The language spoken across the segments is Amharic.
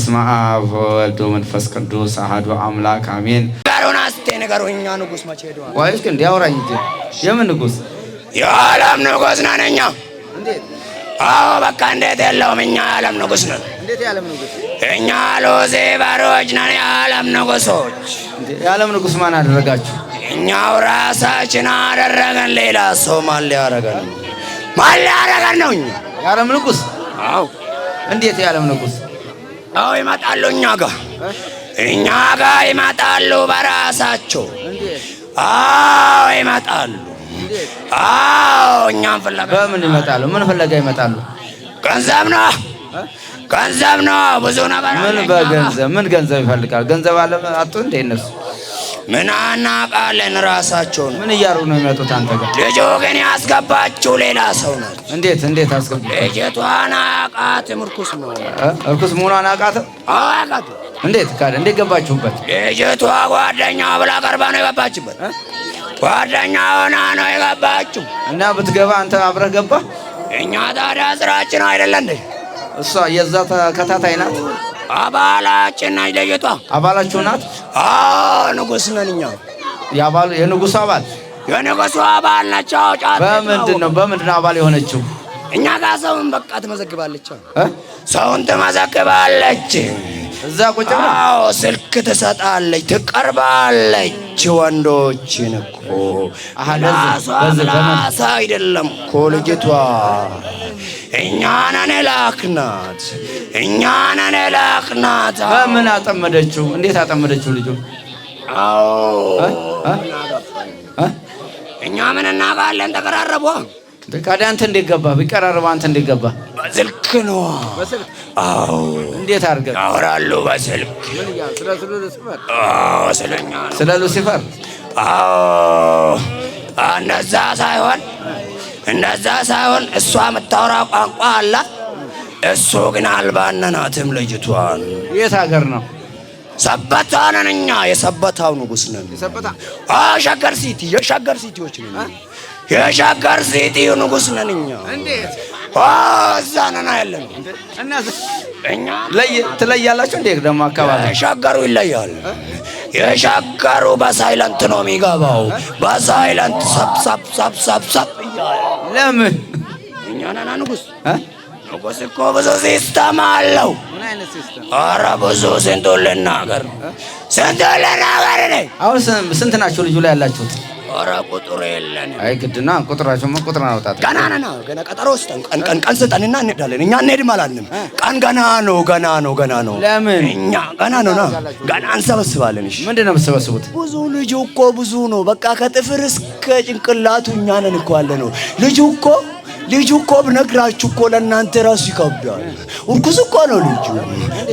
በስመ አብ ወወልድ ወመንፈስ ቅዱስ አሐዱ አምላክ አሜን። ስቴ ነገሩኛ ንጉስ መቼ ሄደዋል? ቆይ እስኪ እንዲህ አውራኝ የምን ንጉስ? የዓለም ንጉስ ነን እኛ። አዎ በቃ እንዴት የለውም። እኛ የዓለም ንጉስ ነን። እኛ ሉሲፈሮች ነን፣ የዓለም ንጉሶች። የዓለም ንጉስ ማን አደረጋችሁ? እኛው ራሳችን አደረገን። ሌላ ሰው ማን ሊያደረገን? ማን ሊያደረገን ነው? እኛ የዓለም ንጉስ። አዎ እንዴት የዓለም ንጉስ አዎ ይመጣሉ። እኛ ጋር እኛ ጋር ይመጣሉ። በራሳቸው አዎ ይመጣሉ። አዎ እኛም ፍለጋ በምን ይመጣሉ? ምን ፍለጋ ይመጣሉ? ገንዘብ ነው ገንዘብ ነው ብዙ ነበር። ምን በገንዘብ ምን ገንዘብ ይፈልጋል? ገንዘብ አለ አጡ እንዴ እነሱ ምን አናውቃለን። ራሳቸው ነው። ምን እያሉ ነው የሚመጡት? አንተ ጋር ልጁ ግን ያስገባችው ሌላ ሰው ናት። እንዴት እንዴት አስገባ? ልጅቷን አያውቃትም። እርኩስ እርኩስ መሆኗን አያውቃትም። አያውቃትም። እንዴት ካለ እንዴት ገባችሁበት? ልጅቷ ጓደኛ ብላ ቀርባ ነው የገባችበት። ጓደኛ ሆና ነው የገባችው። እና ብትገባ አንተ አብረህ ገባ። እኛ ታዲያ ስራችን አይደለን። እሷ የዛ ተከታታይ ናት። አባላችን ናች። ለየቷ አባላችሁ ናት። ንጉስ ነን እኛ የንጉሱ አባል የንጉሱ አባል ናቸው። በምንድን ነው በምንድን ነው አባል የሆነችው? እኛ ጋር ሰውን በቃ ትመዘግባለች፣ ሰውን ትመዘግባለች። እዛ ቁጭ አዎ፣ ስልክ ትሰጣለች፣ ትቀርባለች። ወንዶችን እኮ ላሳ አይደለም እኮ ልጅቷ እኛነን ላክናት፣ እኛነን ላክናት። በምን አጠመደችው? እንዴት አጠመደችው? ልጁ እኛ ምን እናቃለን? ተቀራረቧ ከዳንተ እንዲገባ ቢቀራረብ አንተ እንዲገባ በስልክ ነው። አዎ፣ እንዴት አድርገህ አወራሉ? በስልክ ስለኛ ስለ ሉሲፈር። አዎ፣ እንደዛ ሳይሆን እነዛ ሳይሆን እሷ የምታወራ ቋንቋ አላት። እሱ ግን አልባነናትም ልጅቷን። የት ሀገር ነው? ሰበታ ነን እኛ። የሰበታው ንጉስ ነን። ሸገር ሲቲ የሸገር ሲቲዎች ነን። የሸገር ሲቲ ንጉስ ነን እኛ። እዛ ነን ያለን ትለያላችሁ። እንዴት ደግሞ አካባቢ የሻገሩ ይለያል። የሻገሩ በሳይለንት ነው የሚገባው። በሳይለንት ሰብሰብሰብሰብ ለምን እኛ ነና ንጉሥ ንጉሥ እኮ ብዙ ሲስተማ አለው። ኧረ ብዙ ስንቱን ልናገር ስንቱን ልናገር ነኝ። አሁን ስንት ናቸው ልጁ ላይ ያላችሁት? ኧረ ቁጥር የለን። አይ ግድና ቁጥራቸው ቁጥር እናውጣለን። ገና ነና ገና ቀጠሮ ውስጥ ቀን ቀን ቀን ስጠንና እንሄዳለን። እኛ እንሄድም አላልንም። ቀን ገና ነው፣ ገና ነው፣ ገና ነው። ለምን እኛ ገና ነው ና ገና እንሰበስባለን። እሺ ምንድን ነው የምትሰበስቡት? ብዙ ልጁ እኮ ብዙ ነው። በቃ ከጥፍር እስከ ጭንቅላቱ እኛ ነን እኮ ያለ ነው ልጁ እኮ ልጁ እኮ ብነግራችሁ እኮ ለእናንተ ራሱ ይከብዳል። እርኩስ እኮ ነው ልጁ፣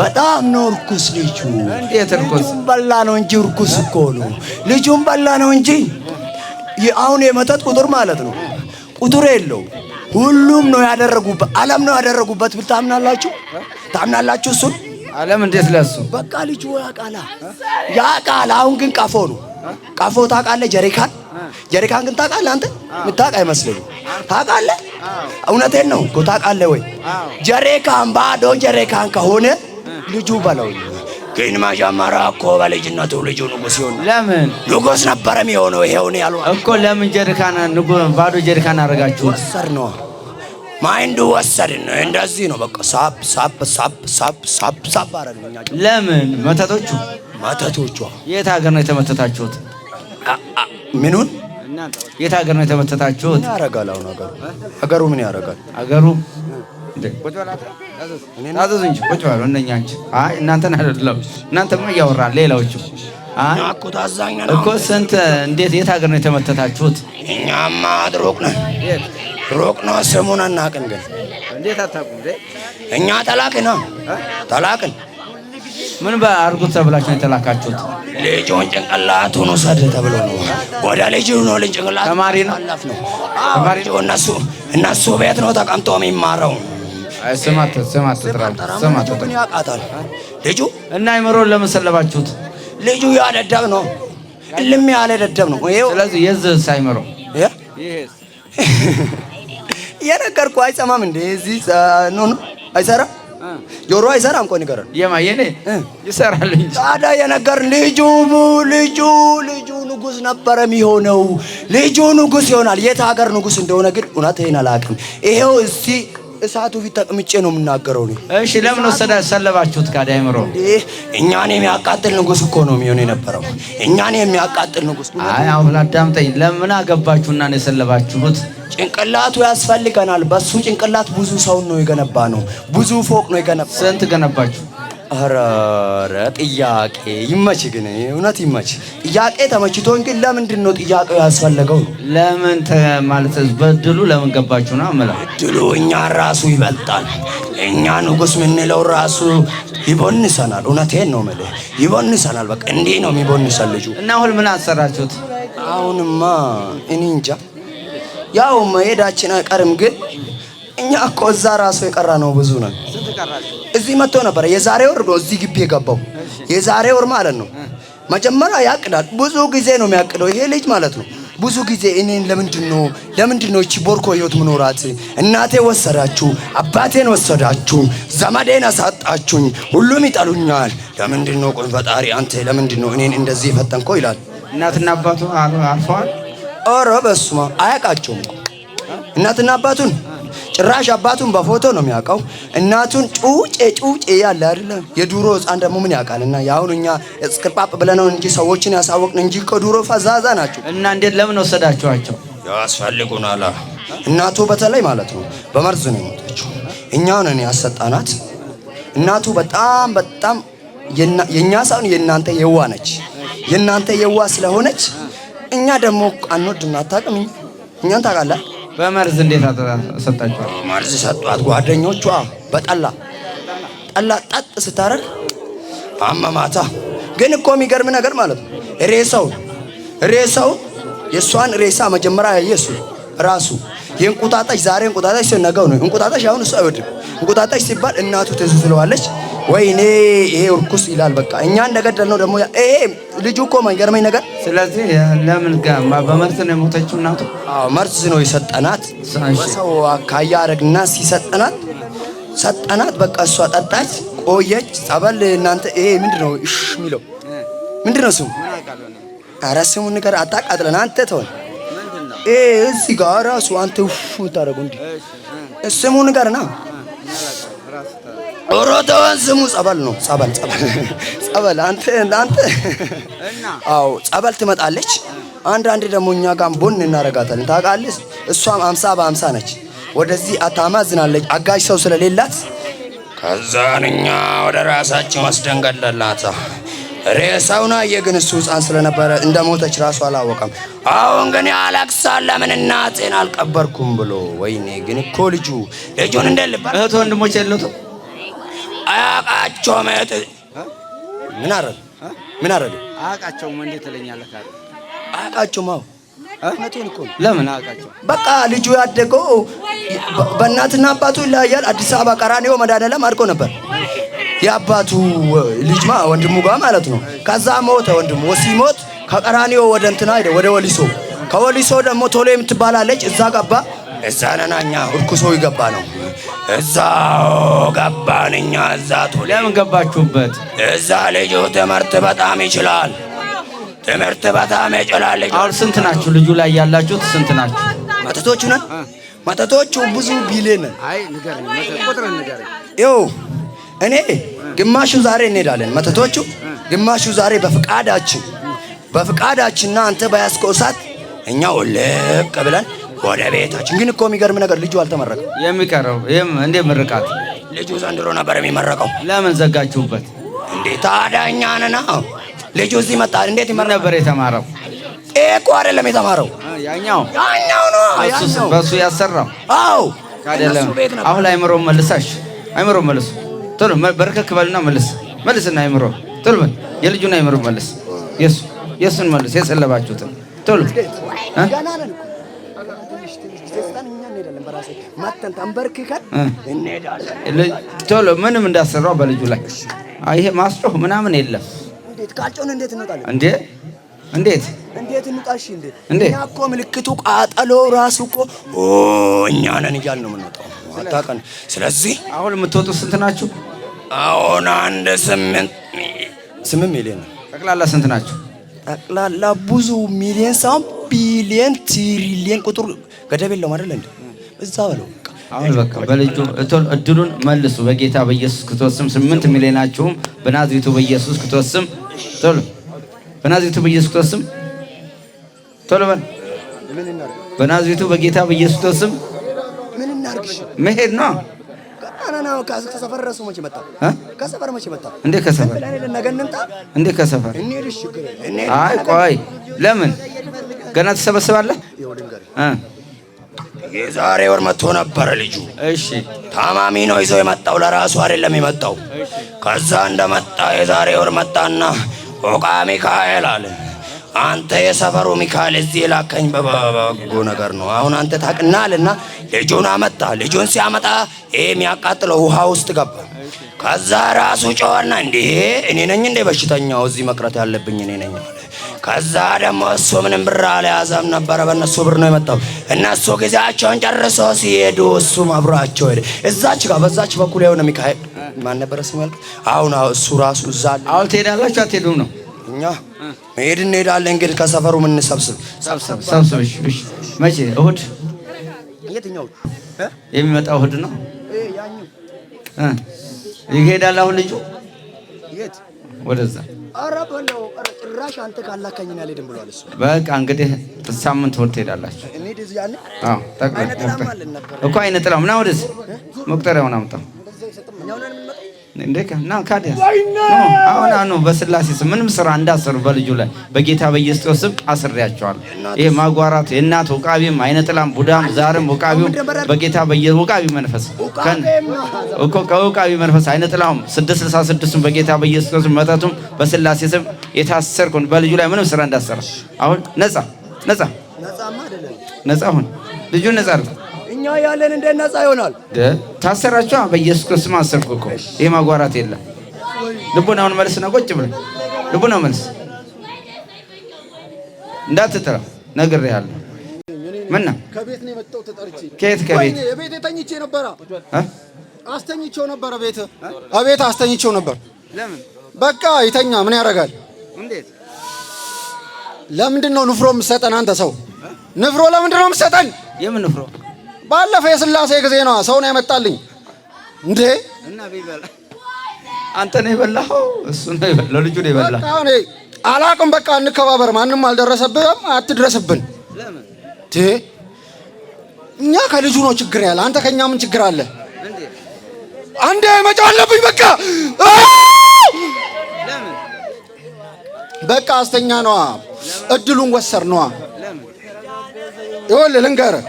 በጣም ነው እርኩስ ልጁ። ልጁን በላ ነው እንጂ እርኩስ እኮ ነው። ልጁን በላ ነው እንጂ አሁን የመጠጥ ቁጥር ማለት ነው ቁጥር የለው ሁሉም ነው ያደረጉበት፣ ዓለም ነው ያደረጉበት ብል ታምናላችሁ? ታምናላችሁ? እሱን ዓለም እንዴት ለሱ በቃ ልጁ ያቃላ ያቃላ። አሁን ግን ቀፎ ነው ቀፎ ታውቃለህ? ጀሪካን ጀሪካን ግን ታውቃለህ? አንተ የምታውቅ አይመስለኝም። ታውቃለህ እውነቴን ነው እኮ ታውቃለህ ወይ? ጀሬካን ባዶ ጀሬካን ከሆነ ልጁ በለው ግን መጀመሪያ እኮ በልጅነቱ ልጁ ንጉስ ይሆን ለምን ንጉስ ነበረ የሚሆነው። ይሄውን ያሉ እኮ ለምን ጀሪካን ባዶ ጀሪካን አደረጋችሁ? ወሰድ ነው ማይንዱ ወሰድን። እንደዚህ ነው በቃ ሳብ ሳብ ሳብ ሳብ ሳብ ሳብ አደረግን። ለምን መተቶቹ መተቶቹ የት ሀገር ነው የተመተታችሁት? ምኑን የት ሀገር ነው የተመተታችሁት? ያረጋል አሁን ሀገሩ ሀገሩ ምን ያረጋል? ሀገሩ ታዘዙ እንጂ ቁጭ በሉ። እነኛ እንጂ አይ እናንተን አይደለም። እናንተማ እያወራ ሌላዎቹ እኮ ስንት እንዴት የት ሀገር ነው የተመተታችሁት? እኛማ ድሮቅ ነን ድሮቅ ነው። ስሙን አናውቅም ግን እንዴት አታውቁም? እኛ ተላቅ ነው ተላቅን። ምን በአርጉት ተብላችሁ ነው የተላካችሁት? ልጁን ጭንቅላቱን ውሰድ ተብሎ ነው። ወደ ልጅ ነው ልጅ ጭንቅላት ተማሪ ነው እነሱ እነሱ ቤት ነው ተቀምጦ የሚማረው። ስማ ስማ ስማ ያውቃታል ልጁ እና አይምሮን ለምን ልጁ ያደደብ ነው እልም ያለ ደደብ ነው። ስለዚህ የዚህ ሳይምሮ የነገርኩህ አይሰማም እንዴ? እዚህ ኑ አይሰራም ጆሮ አይሰራም። ቆይ ንገረን። የማ የኔ ይሰራል እንጂ ታዲያ የነገር ልጁ ልጁ ልጁ ንጉስ ነበረ የሚሆነው ልጁ ንጉስ ይሆናል። የት ሀገር ንጉስ እንደሆነ ግን እውነት ይሄን አላውቅም። ይሄው እስቲ ሰዓቱ ፊት ተቀምጬ ነው የምናገረው እኔ። እሺ ለምን ወሰደ ሰለባችሁት? ካዲ አይምሮ እኛን የሚያቃጥል ንጉስ እኮ ነው የሚሆን የነበረው። እኛን የሚያቃጥል ንጉስ። አይ አሁን አዳምጠኝ። ለምን አገባችሁና ነው የሰለባችሁት? ጭንቅላቱ ያስፈልገናል። በሱ ጭንቅላት ብዙ ሰውን ነው የገነባ ነው። ብዙ ፎቅ ነው የገነባ። ስንት ገነባችሁ? ኧረ ኧረ ጥያቄ ይመች፣ ግን እውነት ይመች። ጥያቄ ተመችቶን፣ ግን ለምንድን ነው ጥያቄው ያስፈለገው? ነው ለምን ማለት በድሉ ለምን ገባችሁ ነው የምለው። ድሉ እኛ ራሱ ይበልጣል። እኛ ንጉስ የምንለው ራሱ ይቦንሰናል። እውነቴን ነው የምልህ፣ ይቦንሰናል። በቃ እንዲህ ነው የሚቦንሰን ልጁ። እና ሁል ምን አሰራችሁት? አሁንማ እኔ እንጃ። ያው መሄዳችን አይቀርም፣ ግን እኛ እኮ እዛ ራሱ የቀራ ነው ብዙ ነን እዚህ መጥቶ ነበረ። የዛሬ ወር ነው እዚህ ግቢ የገባው። የዛሬ ወር ማለት ነው። መጀመሪያ ያቅዳል። ብዙ ጊዜ ነው የሚያቅደው ይሄ ልጅ ማለት ነው። ብዙ ጊዜ እኔን ለምንድን ነው ለምንድን ነው እቺ ቦርኮ ህይወት ምኖራት? እናቴ ወሰዳችሁ፣ አባቴን ወሰዳችሁ፣ ዘመዴን አሳጣችሁኝ፣ ሁሉም ይጠሉኛል። ለምንድን ነው ቆን ፈጣሪ አንተ ለምንድን ነው እኔን እንደዚህ ፈተንኮ? ይላል። እናትና አባቱ አልፈዋል። ኧረ በሱማ አብ እናትና አባቱን ጭራሽ አባቱን በፎቶ ነው የሚያውቀው። እናቱን ጩጬ ጩጬ ያለ አይደለ የዱሮ ህፃን ደግሞ ምን ያውቃል? እና የአሁኑ እኛ እስክርጳጳ ብለነው እንጂ ሰዎችን ያሳወቅን እንጂ ከዱሮ ፈዛዛ ናቸው። እና እንዴት ለምን ወሰዳችኋቸው? ያስፈልጉናል። እናቱ በተለይ ማለት ነው በመርዝ ነው የሞተችው። እኛውን እኔ ያሰጣናት እናቱ በጣም በጣም የእኛ ሳይሆን የእናንተ የዋ ነች። የእናንተ የዋ ስለሆነች እኛ ደግሞ አንወድ እናታቅም። እኛን ታውቃለህ በመርዝ እንዴት ሰጣችኋል? መርዝ ሰጧት ጓደኞቿ በጠላ ጠላ ጠጥ ስታረግ አመማታ። ግን እኮ የሚገርም ነገር ማለት ነው ሬሳው ሬሳው የእሷን ሬሳ መጀመሪያ ያየሱ ራሱ የእንቁጣጣሽ ዛሬ እንቁጣጣሽ ሲነገው ነው። እንቁጣጣሽ አሁን እሱ አይወድም። እንቁጣጣሽ ሲባል እናቱ ትዝ ትለዋለች። ወይኔ ይሄ እርኩስ ይላል። በቃ እኛ እንደገደል ነው ደግሞ ይሄ ልጁ እኮ መንገርመኝ ነገር። ስለዚህ ለምን በመርዝ ነው የሞተችው እናቱ? አዎ መርዝ ነው የሰጠናት። ሰው አካያ አረግና ሲሰጠናት ሰጠናት። በቃ እሷ ጠጣች፣ ቆየች። ጸበል እናንተ ይሄ ምንድን ነው እሺ የሚለው ምንድን ነው ስሙ? ኧረ ስሙን ነገር አታቃጥለን አንተ ተሆን እዚህ ጋር ራሱ አንተ ውፍ የምታደርገው እንዲህ ስሙን ኦሮቶን ስሙ ጸበል ነው። ጸበል ጸበል ጸበል አንተ አንተ አዎ ጸበል ትመጣለች። አንዳንድ ደግሞ እኛ ጋር ቦን እናረጋታለን። ታውቃለች። እሷም አምሳ በአምሳ ነች። ወደዚህ አታማዝናለች። አጋዥ ሰው ስለሌላት ከዛን እኛ ወደ ራሳችን ወስደን ገለላት። ሬሳውን አየ፣ ግን እሱ ሕፃን ስለነበረ እንደሞተች ራሱ አላወቀም። አሁን ግን ያለቅሳል፣ ለምን እናቴን አልቀበርኩም ብሎ። ወይኔ ግን እኮ ልጁ ልጁን እንደ እህት ወንድሞች የሉትም አያቃቸውም። ምን አረገ? ምን አረገ? አያቃቸውም። እንዴት ትለኛለህ? አያቃቸውም። አዎ እውነቱን እኮ ለምን አያቃቸውም? በቃ ልጁ ያደገው በእናትና አባቱ ይለያያል። አዲስ አበባ ቀራኒዮ መድኃኒዓለም አድጎ ነበር። የአባቱ ልጅማ ወንድሙ ጋር ማለት ነው። ከዛ ሞተ ወንድሙ። ሲሞት ከቀራኒዮ ወደ እንትና ሄደ፣ ወደ ወሊሶ። ከወሊሶ ደግሞ ቶሎ የምትባላለች እዛ ገባ። እዛ ነና እኛ እርኩ ሰው ይገባ ነው። እዛ ገባን እኛ እዛ ቶሎ ለምን ገባችሁበት? እዛ ልጁ ትምህርት በጣም ይችላል። ትምህርት በጣም ይችላል። አሁን ስንት ናችሁ? ልጁ ላይ ያላችሁት ስንት ናችሁ? መተቶቹ ነን። መተቶቹ ብዙ ቢሌ ነን። አይ ንገረኝ፣ ቁጥሩን ንገረኝ። ይኸው እኔ ግማሹ ዛሬ እንሄዳለን፣ መተቶቹ ግማሹ ዛሬ በፍቃዳችን በፍቃዳችንና አንተ በያዝከው እሳት እኛ ልቅ ብለን ወደ ቤታችን ግን እኮ የሚገርም ነገር ልጁ አልተመረቀም። የሚቀረው ይህም እንዴ ምርቃት ልጁ ዘንድሮ ነበር የሚመረቀው። ለምን ዘጋችሁበት እንዴ? ታዳኛንና ልጁ እዚህ መጣል። እንዴት ይመር ነበር የተማረው? እኮ አይደለም የተማረው፣ ያኛው ያኛው ነው በሱ ያሰራው። አዎ አይደለም። አሁን ላይ አይምሮ መልሳሽ፣ አይምሮ መልሱ። ቶሎ በርከክ በልና መልስ፣ መልስና አይምሮ ቶሎ በል። የልጁን አይምሮ መልስ፣ የሱ የሱን መልስ፣ የጸለባችሁትን ቶሎ እንሄዳለን። በራሴ መተን ተንበርክከን እንሄዳለን። ቶሎ ምንም እንዳሰራው በልጁ ላይ ይሄ ማስጮህ ምናምን የለም። እንዴት ካልጮን እንዴት እንውጣለን? እንዴ እንዴት እንዴት እንውጣ? እሺ እንዴት እኛ እኮ ምልክቱ ቃጠሎ ራሱ እኮ እኛ ነን እያልን ነው የምንወጣው። አታውቅም። ስለዚህ አሁን የምትወጡ ስንት ናችሁ? አሁን አንድ ስምንት ስምንት ሚሊዮን ነው። ጠቅላላ ስንት ናችሁ? ጠቅላላ ብዙ ሚሊዮን ሳይሆን ቢሊዮን ትሪሊዮን ቁጥር ገደብ የለውም አይደለ እንዴ? እዛ በለው። አሁን በቃ በልጁ እድሉን መልሱ በጌታ በኢየሱስ ክርስቶስ ስም። ስምንት ሚሊዮናችሁም በናዝሬቱ በኢየሱስ ክርስቶስ ስም ቶሎ፣ በናዝሬቱ በኢየሱስ ክርስቶስ ስም ቶሎ በል። በናዝሬቱ በጌታ በኢየሱስ ክርስቶስ ስም ምን እናርግሽ? መሄድ ነው ከሰፈር ለምን ገና ትሰበስባለህ? የዛሬ ወር መጥቶ ነበረ ልጁ። እሺ ታማሚ ነው ይዘው የመጣው ለራሱ አይደለም የመጣው። ከዛ እንደመጣ የዛሬ ወር መጣና ኦቃ ሚካኤል አለ። አንተ የሰፈሩ ሚካኤል እዚህ የላከኝ በበጎ ነገር ነው። አሁን አንተ ታቅና እና ልጁን አመጣ። ልጁን ሲያመጣ ይሄ የሚያቃጥለው ውሃ ውስጥ ገባ። ከዛ ራሱ ጨዋና እንዲህ እኔ ነኝ እንደ በሽተኛው እዚህ መቅረት ያለብኝ እኔ ነኝ ከዛ ደግሞ እሱ ምንም ብር አልያዘም ነበረ። በእነሱ ብር ነው የመጣው። እነሱ ጊዜያቸውን ጨርሶ ሲሄዱ እሱም አብሯቸው ሄደ። እዛች ጋር በዛች በኩል የሆነ ሚካኤል ማን ነበረ ስሙ ያልኩት? አሁን እሱ ራሱ እዛ አሁን ትሄዳላችሁ አትሄዱም ነው እኛ መሄድ እንሄዳለን። እንግዲህ ከሰፈሩ ምን ሰብስብ ሰብስብ መቼ እሁድ? የትኛው የሚመጣው እሑድ ነው። ይሄዳል አሁን ልጁ የት ወደዛ ኧረ በለው ጭራሽ አንተ ካላካኝ ነው ያልሄድም ብሏል እሱ። በቃ እንግዲህ ሳምንት ወር ትሄዳላችሁ እኮ አይነ ጥላው ወደዚህ መቁጠሪያውን አምጣው እንደና ካዲያ አሁን አሁን በስላሴ ስም ምንም ስራ እንዳሰሩ በልጁ ላይ በጌታ በኢየሱስ ስም አስሬያቸዋለሁ። ይሄ ማጓራት የእናት ውቃቢም አይነ ቡዳም ዛርም ውቃቢው በጌታ በኢየሱስ ውቃቢ መንፈስ ከን እኮ ከውቃቢ መንፈስ አይነ ጥላም 666 በጌታ በኢየሱስ ስም መተቱም በስላሴ ስም የታሰርኩን በልጁ ላይ ምንም ስራ እንዳሰራ አሁን ነፃ ነፃ ነፃ ሁን ልጁን ነፃ አድርግ እኛ ያለን እንደ ነፃ ይሆናል። ታሰራችሁ በኢየሱስ ክርስቶስ አሰርኩ እኮ ይህ ማጓራት የለም። ልቡናውን መልስ ነው። ቁጭ ብለህ ልቡናው መልስ እንዳትጥራ ነግሬሃለሁ። ምን ነው ከቤት ነው የመጣው? ተጠርቼ ከየት ከቤት የቤት ተኝቼ ነበር። አስተኝቼው ነበር። ቤት አቤት አስተኝቼው ነበር። ለምን በቃ ይተኛ። ምን ያደርጋል? እንዴት ለምንድን ነው ንፍሮ የምትሰጠን አንተ ሰው? ንፍሮ ለምንድን ነው የምትሰጠን? የምን ንፍሮ ባለፈ የስላሴ ጊዜ ነዋ ሰው ነው ያመጣልኝ። እንዴ አንተ ነው የበላኸው? እሱ ነው የበላው፣ ልጁ ነው የበላ። አላቅም። በቃ እንከባበር። ማንም አልደረሰብህም፣ አትድረስብን። እኛ ከልጁ ነው ችግር ያለ። አንተ ከእኛ ምን ችግር አለ? አንዴ መጫ አለብኝ። በቃ በቃ አስተኛ ነዋ። እድሉን ወሰር ነዋ። ይኸውልህ ልንገርህ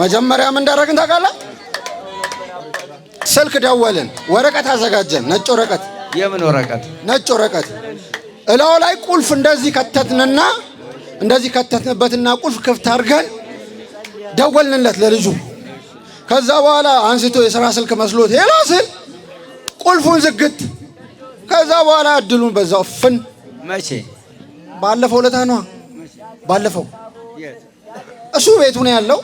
መጀመሪያ ምን እንዳደረግን ታውቃለህ? ስልክ ደወልን፣ ወረቀት አዘጋጀን። ነጭ ወረቀት፣ የምን ወረቀት? ነጭ ወረቀት። እላው ላይ ቁልፍ እንደዚህ ከተትንና እንደዚህ ከተትንበትና ቁልፍ ክፍት አድርገን ደወልንለት ለልጁ። ከዛ በኋላ አንስቶ የስራ ስልክ መስሎት ሄሎ ስል ቁልፉን ዝግት። ከዛ በኋላ እድሉን በዛው ፍን። መቼ? ባለፈው ለታ ነዋ። ባለፈው እሱ ቤቱ ነው ያለው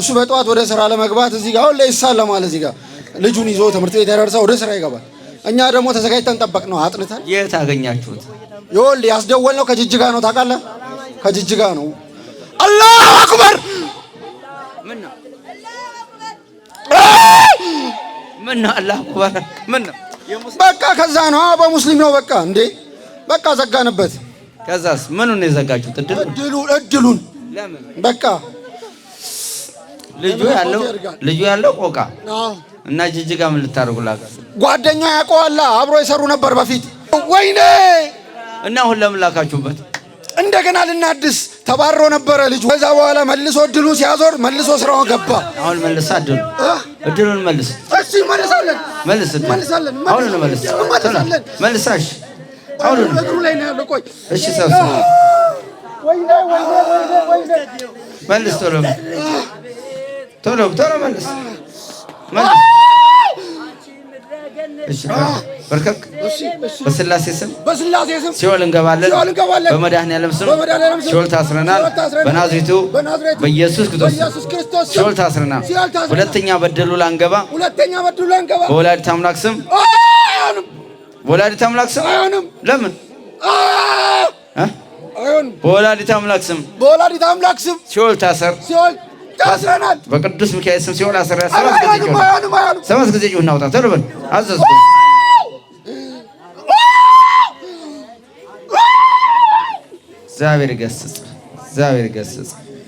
እሱ በጠዋት ወደ ስራ ለመግባት እዚህ ጋር አሁን ላይ ይሳለማል። እዚህ ጋር ልጁን ይዞ ትምህርት ቤት ያደርሰ ወደ ስራ ይገባል። እኛ ደግሞ ተዘጋጅተን ጠበቅ ነው አጥንተን። የት አገኛችሁት? ይኸውልህ ያስደወል ነው ከጅጅጋ ነው ታውቃለህ? ከጅጅጋ ነው። አላሁ አክበር ምን ነው አክበር ምን ነው በቃ ከዛ ነው በሙስሊም ነው በቃ እንዴ በቃ ዘጋንበት። ከዛስ ምኑን ነው የዘጋችሁት? እድሉን እድሉን በቃ ልጁ ያለው ቆቃ እና ጅጅጋ ምን ልታደርጉ ላ ጓደኛ ያውቀዋላ አብሮ የሰሩ ነበር በፊት ወይኔ እና አሁን ለምን ላካችሁበት እንደገና ልናድስ ተባሮ ነበረ ልጁ ከዛ በኋላ መልሶ እድሉ ሲያዞር መልሶ ስራው ገባ አሁን መልሳ እድሉ እድሉን መልስ እሺ መልሳለን መልስ መልሳለን አሁን መልስ መልሳሽ አሁን እግሩ ላይ ነው ያለው ቆይ እሺ ሰብስብ ወይኔ ወይኔ ወይኔ መልስ ቶሎ ቶሎ ቶሎ መልስ። በርከክ በስላሴ ስም ሲኦል እንገባለን። በመድኃኒዓለም ስም ሲኦል ታስረናል። በናዝሬቱ በኢየሱስ ክርስቶስ ሲኦል ታስረናል። ሁለተኛ በደሉ ላንገባ በወላዲተ አምላክ ስም በወላዲተ አምላክ ስም ለምን በወላዲተ አምላክ ስም ሲኦል ታሰር ታስረናል። በቅዱስ ሚካኤል ስም ሲሆን አስረናል። ሰባት ጊዜ ጩኸን እናውጣ ቶሎ በል አዘዝኩ። እግዚአብሔር ገስጽ፣ እግዚአብሔር ገስጽ።